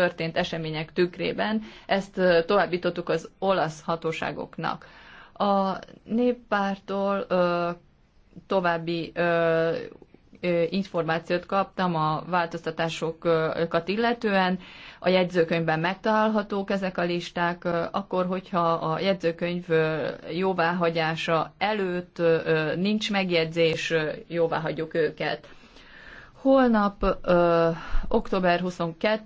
történt események tükrében. Ezt továbbítottuk az olasz hatóságoknak. A néppártól további információt kaptam a változtatásokat illetően. A jegyzőkönyvben megtalálhatók ezek a listák, akkor, hogyha a jegyzőkönyv jóváhagyása előtt nincs megjegyzés, jóváhagyjuk őket. Holnap, október 22